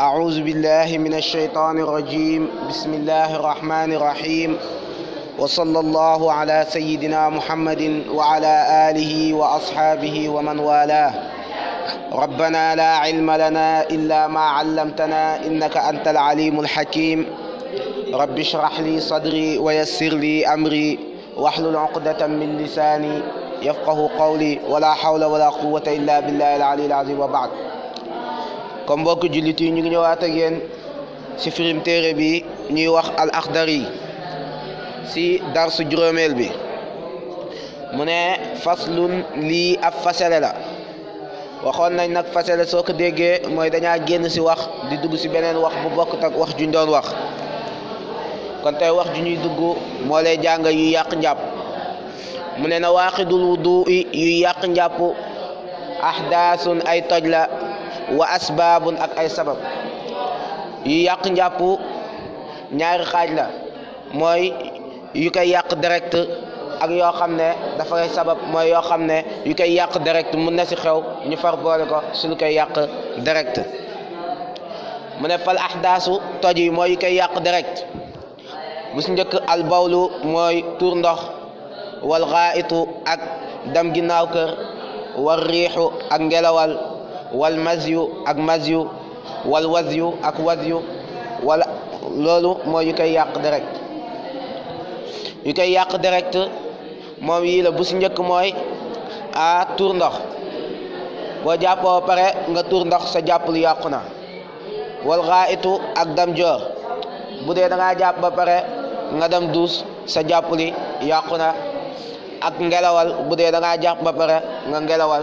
أعوذ بالله من الشيطان الرجيم بسم الله الرحمن الرحيم وصلى الله على سيدنا محمد وعلى آله وأصحابه ومن والاه ربنا لا علم لنا إلا ما علمتنا إنك أنت العليم الحكيم رب اشرح لي صدري ويسر لي أمري واحلل عقدة من لساني يفقه قولي ولا حول ولا قوة إلا بالله العلي العظيم وبعد comme mbokk jullit yi ñu ngi ñëwaat ak yéen ci firim téere bi ñuy wax al axdari ci darsu juróomeel bi mu ne faslun lii ab fasele la waxoon nañ nag fasele soo ko déggee mooy dañaa génn ci wax di dugg ci beneen wax bu bokk tak wax juñ doon wax kon tey wax ju ñuy dugg moo lay jàngal yu yàq njàpp mu ne na waaqidul wudu yu yàq njàpp ahdaasun ay toj la wa asbaabun ak ay sabab yu yàq njàpp ñaari xaaj la mooy yu koy yàq direct ak yoo xam ne dafay sabab mooy yoo xam ne yu koy yàq direct mun na si xew ñu far boole ko su koy yàq direct mu ne fal ahdaasu toj yi mooy yu koy yàq direct bu si njëkk al bawlu mooy tuur ndox wal xaayitu ak dam ginnaaw kër war riixu ak ngelawal wal mazyu ak mazyu wal wazyu ak wazyu wala loolu moo yu koy yàq direct yu koy yàq direct moom yii la bu si njëkk mooy a tuur ndox boo jàppoo pare nga tuur ndox sa jàpp lu yàqu na wal xaayitu ak dam joor bu dee da ngaa jàpp ba pare nga dem duus sa jàpp li yàqu na ak ngelawal bu dee da ngaa jàpp ba pare nga ngelawal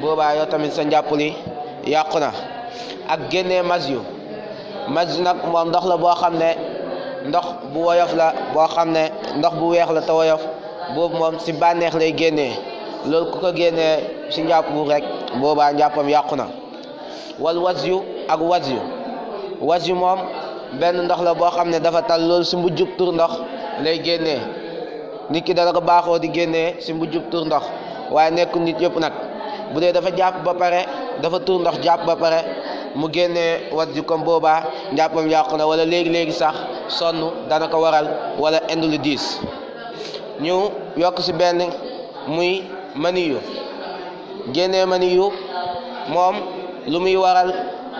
boobaa yow tamit sa njàpp li yàqu na ak génnee mas yu mas nag moom ndox la boo xam ne ndox bu woyof la boo xam ne ndox bu weex la te woyof boobu moom si bànneex lay génnee loolu ku ko génnee si njàpp bu rek boobaa njàppam yàqu na wal was ak was yu yu moom benn ndox la boo xam ne dafa tal lool si mujjub tur ndox lay génne nit ki dana ko baaxoo di génne si mujjub tur ndox waaye nekku nit yëpp nag bu dee dafa jàpp ba pare dafa tuur ndox jàpp ba pare mu génne wat ji comme boobaa njàppam yàqu na wala léegi-léegi sax sonn dana ko waral wala indi diis ñu yokk si benn muy maniyu génnee maniyu moom lu muy waral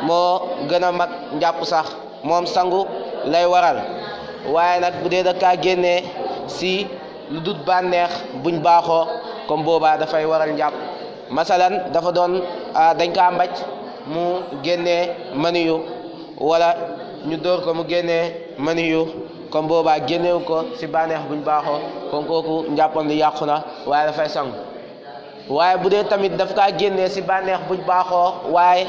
moo gën a mag njàpp sax moom sangu lay waral waaye nag bu dee da kaa génnee si lu dut bànneex buñ baaxoo comme boobaa dafay waral njàpp masalaan dafa doon ah, dañ ka mbaj mu génne maniyu wala ñu door ko mu génnee maniyu comme boobaa génnewu ko si bànneex buñ baaxoo kon kooku njàppoon yàqu na waaye dafay sang waaye bu dee tamit daf kaa génne si bànneex buñ baaxoo waaye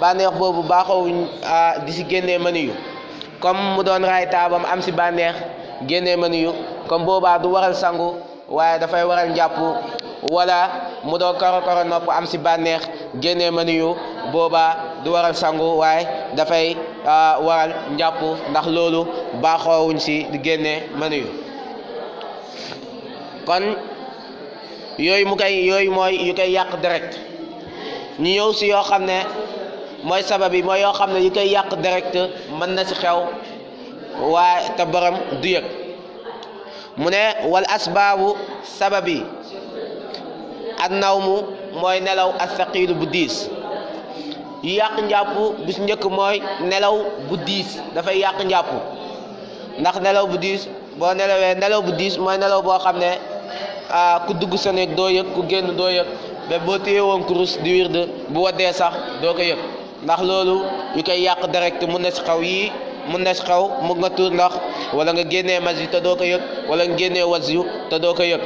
bànneex boobu baaxoo wuñ ah, di si génnee maniyu comme mu doon raay taabam am si bànneex génne maniyu comme boobaa du waral sangu waaye dafay waral njàpp wala mu doog koro koro nopp am si bànneex génne ma nuyu boobaa du waral sangu waaye dafay ah, waral njàpp ndax loolu baaxoowuñ si di génnee ma kon yooyu mu yooyu mooy yu koy yàq direct ñu ñëw si yoo xam ne mooy sabab yi mooy yoo xam ne yu koy yàq direct mën na si xew waaye te borom du yëg mu ne wal asbaabu sabab yi ak nawmu mooy nelaw asaqiilu bu diis yàq njàpp bu si njëkk mooy nelaw bu diis dafay yàq njàpp ndax nelaw bu diis boo nelawee nelaw bu diis mooy nelaw boo xam ne ah, ku dugg sa néeg doo yëg ku génn doo yëg ba boo téye woon kurus di wird bu waddee sax doo ko yëg ndax loolu yu koy yàq direct mun na si xaw yii mun na si xaw mu nga tuur ndax wala nga génnee mas yi te doo ko yëg wala nga yu te doo ko yëg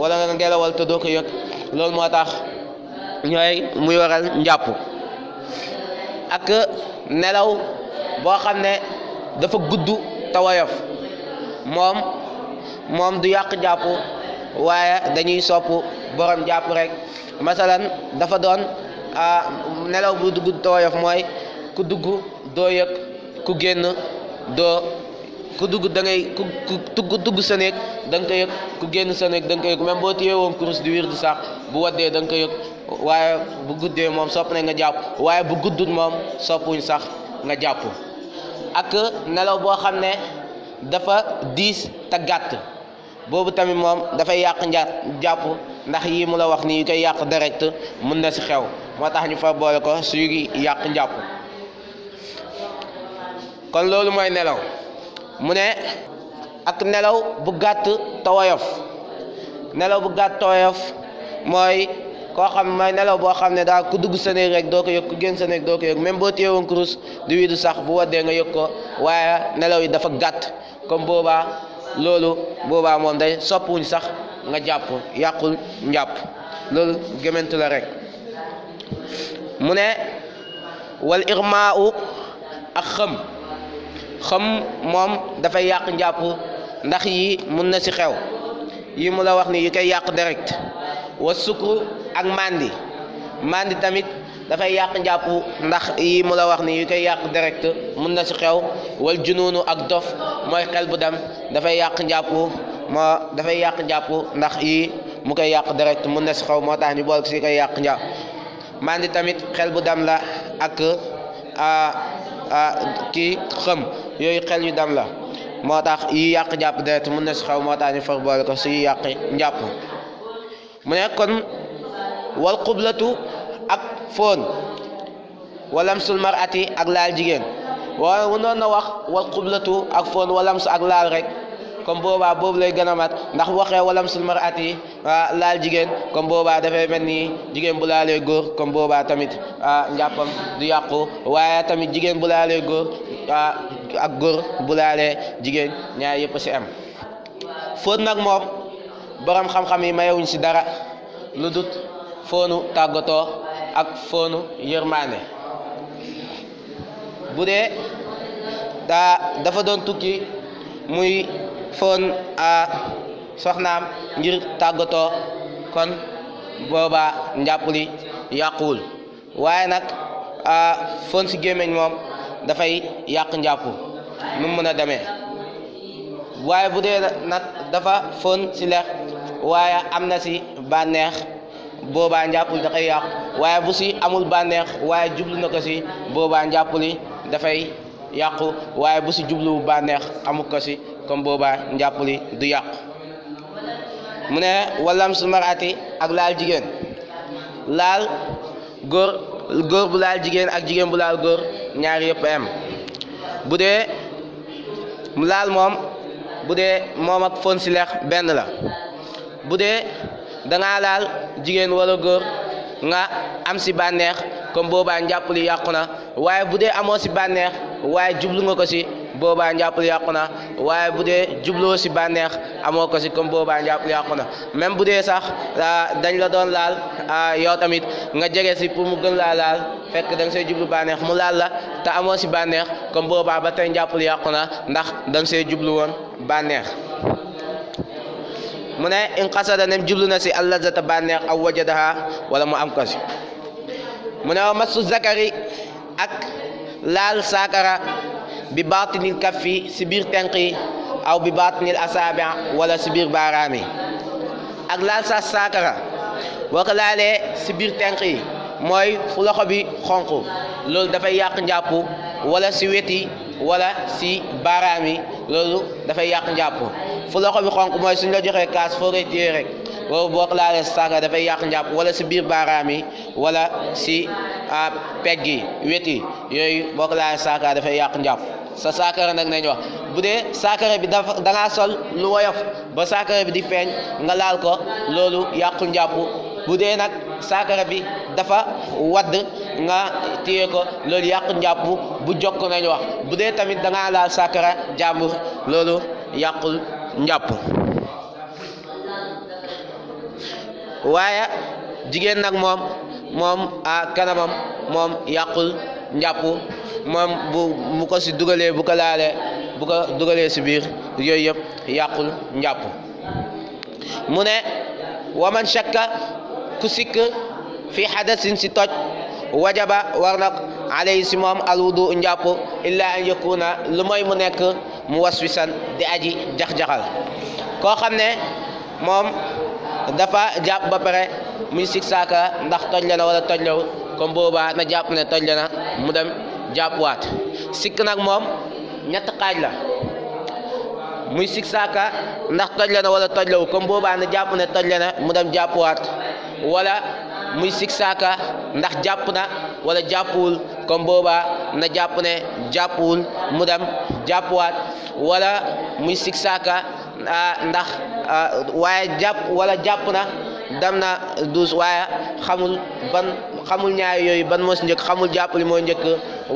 wala nga ngelawal te doo ko yëg loolu moo tax ñooy muy waral njàpp ak nelaw boo xam ne dafa gudd te woyof moom moom du yàq jàpp waaye dañuy sopp borom jàpp rekk masalan dafa doon nelaw bu gudd te woyof mooy ku dugg doo yëg ku génn doo ku dugg da ngay ku dugg sa néeg da ko yëg ku génn sa néeg da ko yëg même boo téye woon kurus di wiir di sax bu waddee danga ko yëg waaye bu guddee moom sopp na nga jàpp waaye bu guddut moom soppuñ sax nga jàpp ak nelaw boo xam ne dafa diis te gàtt boobu tamit moom dafay yàq njar jàpp ndax yii mu la wax nii koy yàq direct mën na ci xew moo tax ñu fa boole ko suy yàq jàpp kon loolu mooy nelaw mu ne ak nelaw bu gàtt te nelaw bu gàtt te woyof mooy koo xam mooy nelaw boo xam ne daal ku dugg sa rek doo ko yëg ku génn sa néeg doo ko yëg même boo téyewoon kurus di wiidu sax bu waddee nga yëg ko waaye nelaw yi dafa gàtt comme boobaa loolu boobaa moom day soppuñ sax nga jàpp yàqul njàpp loolu gémantu la rek mu ne wal irmaa u ak xëm xam moom dafay yàq njàpp ndax yi mun na ci xew yi mu la wax ni yi koy yàq wa sukru ak mandi mandi tamit dafay yàq njàpp ndax yi mu la wax ni koy yàq direct mun na ci xew wal junuunu ak dof mooy xel bu dem dafay yàq njàpp moo dafay yàq njàpp ndax yi mu koy yàq direct mun na ci xew moo tax ñu bool ci koy yàq njàpp mandi tamit xel bu dem la ak ah, ah, kii xëm yooyu xel yu dem la moo tax yi yàq jàpp deret mun na si xaw moo tax ñu far boole ko yàq njàpp mu ne kon wal xublatu ak foon walamsul marati ak laal jigéen waaye mu noon na wax wal xublatu ak foon walamsu ak laal rek comme boobaa boobu lay gën a mat ndax waxee walam sul mar'ati laal jigéen comme boobaa dafay mel ni jigéen bu laalee góor comme boobaa tamit njàppam du yàqu waaye tamit jigéen bu laalee góor ak góor bu laalee jigéen ñaar yëpp ci am fóot nag moom boroom xam-xam yi mayewuñ ci dara lu dut foonu tàggatoo ak foonu yërmaane bu dee dafa doon tukki muy foon a soxnaam ngir tàggatoo kon booba njàpp li yàquwul waaye nag a si gémmiñ moom dafay yàq njàpp nu mu mën a demee waaye bu dee nag dafa foon si lex waaye am na si bànneex boobaa njàpp li dafay yàqu waaye bu si amul bànneex waaye jublu na ko si boobaa njàpp li dafay yàqu waaye si jublu bànneex amul ko si comme boobaa njàpp li du yàqu mu ne walam su ak laal jigéen laal góor góor bu laal jigéen ak jigéen bu laal góor ñaar yëpp am bu dee mu laal moom bu dee moom ak fon si leex benn la bu dee dangaa laal jigéen walla góor nga am si bànneex kom boobaa njàpp li yàqu na waaye bu dee amoo si bànneex waaye jublu nga ko si boobaa njàppal yàqu na waaye bu dee jubloo si bànneex amoo ko si comme boobaa njàppal yàqu na même bu dee sax dañ la doon laal ah, yow tamit nga jege si pour mu gën laa laal fekk da nga see jublu bànneex mu laal la te amoo si bànneex comme boobaa ba tey njàppal yàqu na ndax da nga see bànneex mu ne in qasada nem jublu na si allazata bànneex aw wajadaha wala mu am ko si mu ne wa masu zakari ak laal saakara bi baatinil kaffi si biir tenq yi aw bi baat baatinil asaabi wala si biir baaraam yi ak laal sa saakara boo ko laalee si biir tenq yi mooy fu loxo bi xonq loolu dafay yàq njàpp wala si weti wala si baaraam yi loolu dafay yàq njàpp fu loxo bi xonq mooy suñ la joxee kaas foo koy téye boo ko saakara dafay yàq njàpp wala si biir baaraam yi wala si ah, pegg yi weti yooyu boo ko laalee saakara dafay yàq njàpp sa sakara nag nañ wax bu dee saakara bi dafa da sol lu woyof ba saakara bi di feeñ nga laal ko loolu yàqul njàpp bu dee nag saakara bi dafa wadd nga téye ko loolu njàpp bu jokk nañ wax bu dee tamit danga ngaa laal saakara jàmbur loolu yàqul njàpp waaye jigéen nag moom moom a kanamam moom yàqul njàpp moom bu bu ko si dugalee bu ko laalee bu ko dugalee si biir yooyu yëpp yàqul njàpp mu ne waman shakka ku sikk fi xadasin si toj wajaba war na alayhi si moom alwudu njàpp illaa an yakuna lu mooy mu nekk mu waswisan di aji jax-jaxal koo xam ne moom dafa jàpp ba pare muy sikk saaka ndax toj la na wala toj law comme boobaa na jàpp ne toj na mu dem jàppuwaat sikk nag moom ñett xaaj la muy sik saaka ndax toj na wala toj lawu comme boobaa na jàpp ne toj na mu dem jàppuwaat wala muy sikk saaka ndax jàpp na wala jàppuwul comme boobaa na jàpp ne jàppuwul mu dem jàppuwaat wala muy sikk saaka ah, ndax ah, waaye jàpp wala jàpp na. dem na duus waaye xamul ban xamul ñaari yooyu ban moo njëkk xamul jàppali mooy njëkk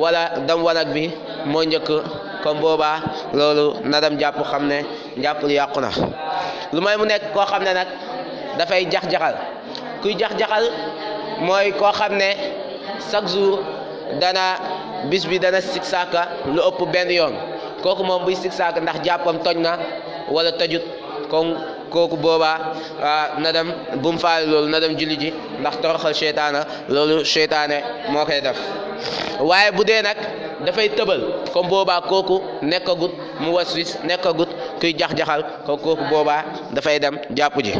wala dam wanag bi moo njëkk comme boobaa loolu na dem jàpp xam ne jàppali yàqu na lu may mu nekk koo xam ne nag dafay jax-jaxal kuy jax-jaxal mooy koo xam ne chaque jour dana bis bi dana sig saaka lu ëpp benn yoon kooku moom buy sig saaka ndax jàppam toj na wala tojut kon kooku boobaa ah, na dem bu mu faale loolu na dem julli ji ndax toroxal seytaane loolu seytaane moo koy def waaye bu dee nag dafay tëbal comme boobaa kooku nekkagut mu waswis nekkagut kuy jax-jaxal ko kooku boobaa dafay dem jàpp ji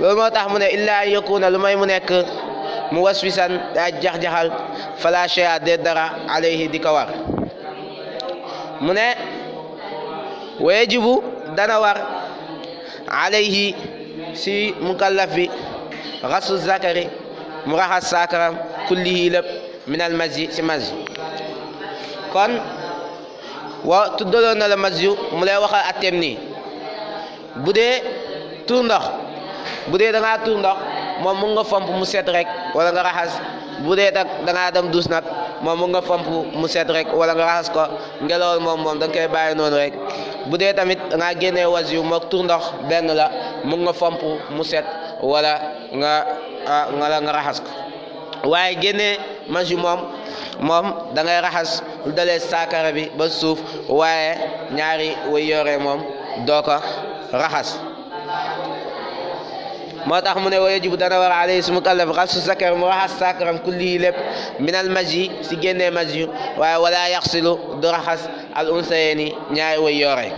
loolu moo tax mu ne illaa yakuna lu may mu nekk mu waswisan daa jax-jaxal fala shay'a de dara alayhi di ko mu ne wayajibu dana war alayhi si mukallaf bi rasu zakari mu raxas saakaram kullihi lépp min al mazi si mazi kon wa tuddaloon na la mu lay waxal atteem nii bu dee tuur ndox bu dee da ngaa tuur ndox moom mu nga fomp mu set rek wala nga raxas bu dee nag da ngaa dem duus nag moom mu nga fomp mu set rek wala nga raxas ko ngelaw moom moom da nga koy bàyyi noonu rek bu dee tamit da génne génnee was yu tur ndox benn la mu nga fomp mu set wala nga wala ah, nga raxas ko waaye génnee mas moom moom dangay raxas dale dalee bi ba suuf waaye ñaari way moom doo ko raxas moo tax mu ne wa yajibu dana war alayhi si mukallaf xasu sakar mu raxas sakaram kulli lépp minal maji si génnee maji waaye wala yaxsilu du raxas al unsayeeni ñaari way yoore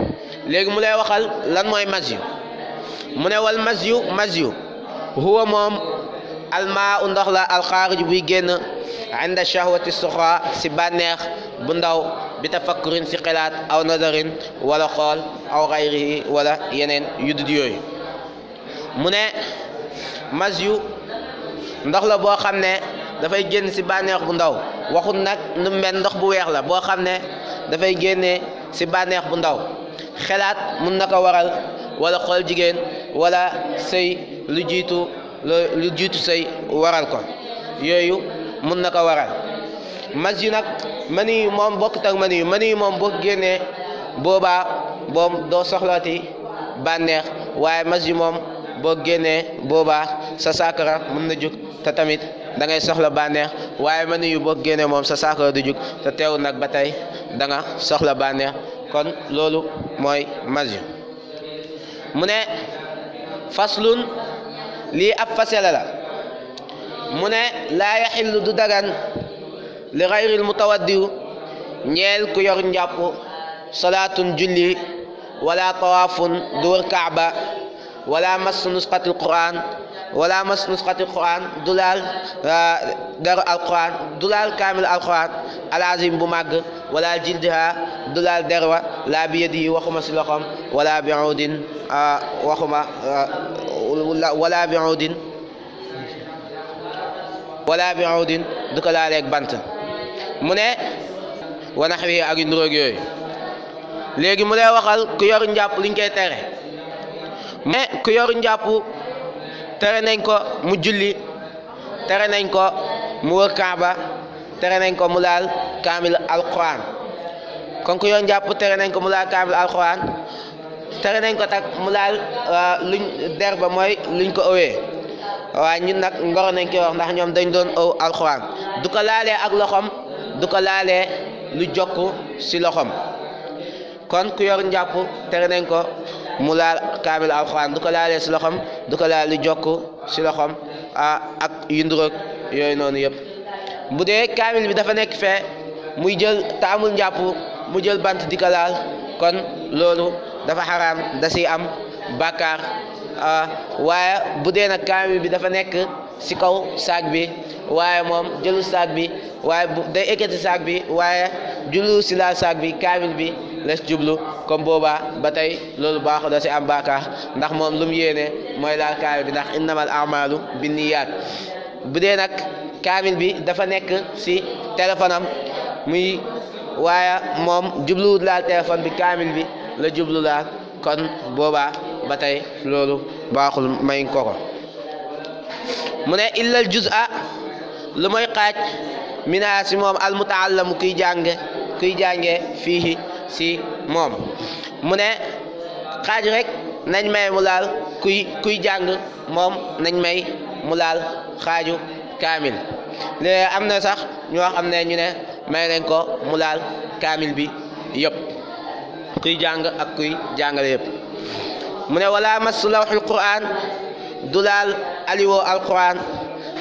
léegi mu lay waxal lan mooy maji mu ne wal maji maji huwa moom almaa u ndox la alxaarij buy génn inda shahwati suxra si bànneex bu ndaw bi tafakkurin si xelaat aw nadarin wala xool aw xayri wala yeneen yu dul yooyu mu ne mas ndox la boo xam ne dafay génn ci bànneex bu ndaw waxut nag nu mel ndox bu weex la boo xam ne dafay génne si bànneex bu ndaw xelaat mun na ko waral wala xool jigéen wala sëy lu jiitu lu jiitu sëy waral ko yooyu mun na ko waral mas yu nag mani yu moom bokkut ak mani yu mani yu moom boo génnee boobaa boom doo soxlaati bànneex waaye mas yu moom boo génnee boobaa sa saakara mën na jug te tamit dangay soxla bànneex waaye mën yu boo génnee moom sa saakara du jug te teewul nag ba tey danga soxla bànneex kon loolu mooy maju mu ne faslun lii ab fasela la mu ne laa yaxillu du dagan li xayril mutawaddiyu ñeel ku yor njàpp salaatun julli wala tawaafun du wër kaaba wala mas nusxatil quran wala mas nusxatil quran du laal eh, daru alquran du laal kaamil alquran alazim bu màgg wala jildiha du laal derwa laa bi yadihi waxuma si loxom wala bi udin eh, waxuma eh, wala bi udin wala bi udin du ko laaleeg bant mu ne wanax wi ak yu nduróog yooyu léegi mu lay waxal ku yor njàpp liñ koy tere mais ku yoru njàpp tere nañ ko mu julli tere nañ ko mu wër kaaba tere nañ ko mu laal kaamil alquran kon ku yor njàpp tere nañ ko mu laal kaamil alquran tere nañ ko tak mu laal euh, luñ der ba mooy luñ ko ëwee waaye ñun nag ngoro nañ koy wax ndax ñoom dañ doon ëw alquran du ko laalee ak loxom du ko laalee lu jokk ci loxom kon ku yor njàpp tere nañ ko mu laal kaamil alxuraan du ko laalee si loxoom du ko laal lu jokk si loxoom ak yunduroog yooyu noonu yëpp bu dee kaamil bi dafa nekk fee muy jël te amul njàpp mu jël bant di ko laal kon loolu dafa xaraam da am bàkkaar waaye bu dee nag kaamil bi dafa nekk si kaw saag bi waaye moom jëlu saag bi waaye day ekkati saag bi waaye jullu si laal saag bi kaamil bi les jublu comme boobaa ba tey loolu baaxu da si am baakaar ndax moom lu mu bi ndax innamal amalu binniyaat kaamil bi dafa nekk si téléphone am waaye moom jubluwut laal téléphone bi kaamil bi la jublu kon boobaa ba tey loolu baaxul mayuñ ko ko mu ne illal juz'a lu mooy xaaj mina si al mutaallamu kuy jànge kuy jànge fii si moom mu ne xaaj rekk nañ may mu laal kuy kuy jàng moom nañ may mu laal xaaju kaamil léegi am na sax ñu wax am ne ñu ne may nañ ko mu laal kaamil bi yëpp kuy jàng ak kuy jàngale yëpp mu ne wala mas lawxul quran du laal aliwoo alquran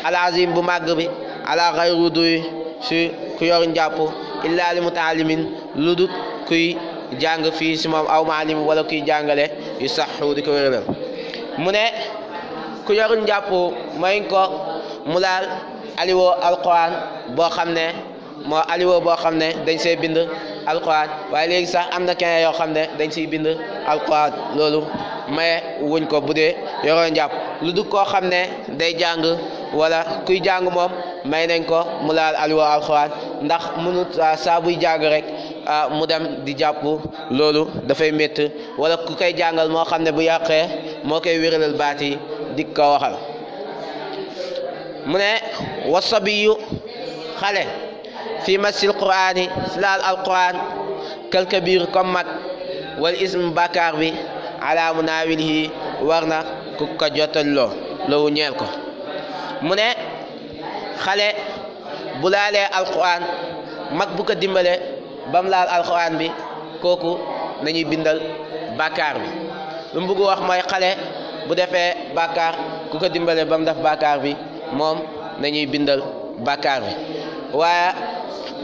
alazim bu màgg bi ala xayru duy si ku yor njàpp illa li mutaalimin ludut kuy jàng fii si moom aw maalim wala kuy jàngale yu saxu di ko wéral mu ne ku yorul njàpp mayuñ ko mu laal aliwo alquran boo xam ne moo aliwo boo xam ne dañ see bind alquran waaye léegi sax am na keneen yoo xam ne dañ siy bind alquran loolu maye wuñ ko bu yoroo njàpp lu du koo xam ne day jàng wala kuy jàng moom may nañ ko mu laal aliwa alxuraan ndax mënut ah, saa buy jàng rek ah, mu dem di jàpp loolu dafay métti wala ku koy jàngal moo xam ne bu yàqee moo koy wéralal baat yi di ko waxal mu ne wasabiyu xale fi masil quraani si laal alquran quelque biir comme mat wal ism bàkkaar bi ala munaawilihi war na ku ko loo loolu ñeel ko mu ne xale bu laalee alquran mag bu ko dimbalee bam mu laal alquran bi kooku nañuy bindal bàkkaar bi lu mu bëgg wax mooy xale bu defee bàkkaar ku ko dimbale ba mu def bàkkaar bi moom nañuy bindal bàkkaar bi waaye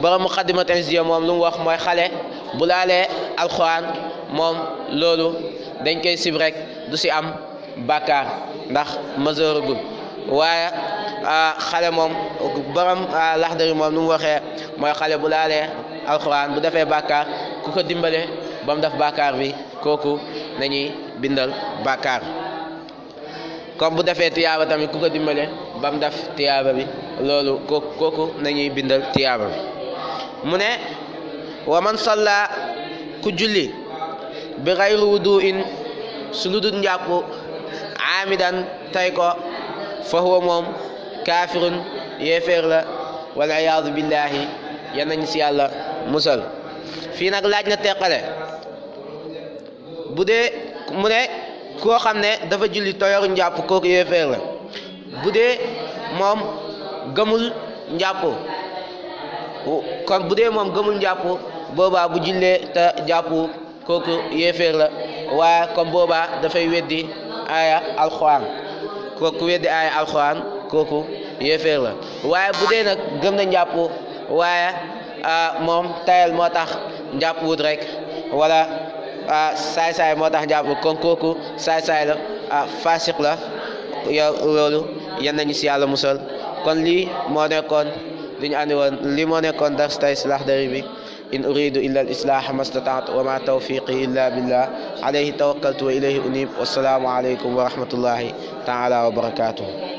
borom Muqaddimatul Hizbiyya moom lu mu wax mooy xale bu laalee alquran moom loolu dañ koy sib rekk du si am bàkkaar ndax majeuragul waaye ah, xale moom borom ah, laxdari moom nu mu mooy xale bu laalee alxuraan bu defee bàkkaar ku ko dimbale bam mu def bàkkaar bi kooku nañuy bindal bàkkaar comme bu defee tiyaaba tamit ku ko dimbale ba def tiyaaba bi loolu kooku nañuy bindal tiyaaba bi mu ne wa man salla ku julli bi xayri wuduin su lu dul njàpp tey ko fa huwa moom kaafirun yéeféer la waliyaadu billaahi yan nañu si yàlla musal fii nag laaj na teqale bu dee mu ne koo xam ne dafa jilli toyoor njàpp kooku yéeféer la bu dee moom gëmul njàpp kon bu dee moom gëmul njàpp boobaa bu jullee te jàpp kooku yéeféer la waaye comme booba dafay weddi aaya alxuraan kooku weddi aaya alxuraan kooku yéeféer la waaye bu dee nag gëm na njàpp waaye ah, moom tayal moo tax njàpp wut rek wala ah, saay-saay moo tax njàpp kon kooku saay-saay la ah, faasiq la yow loolu yan nañu si yàlla musal kon lii moo nekkoon li ñu woon lii moo nekkoon dars tay lax Laxdari bi in uridu illa al islaaha mastataat wa ma tawfiqi illa billah alayhi tawakkaltu wa ilayhi unib wassalaamu aleykum wa rahmatullahi taala wa barakatuhu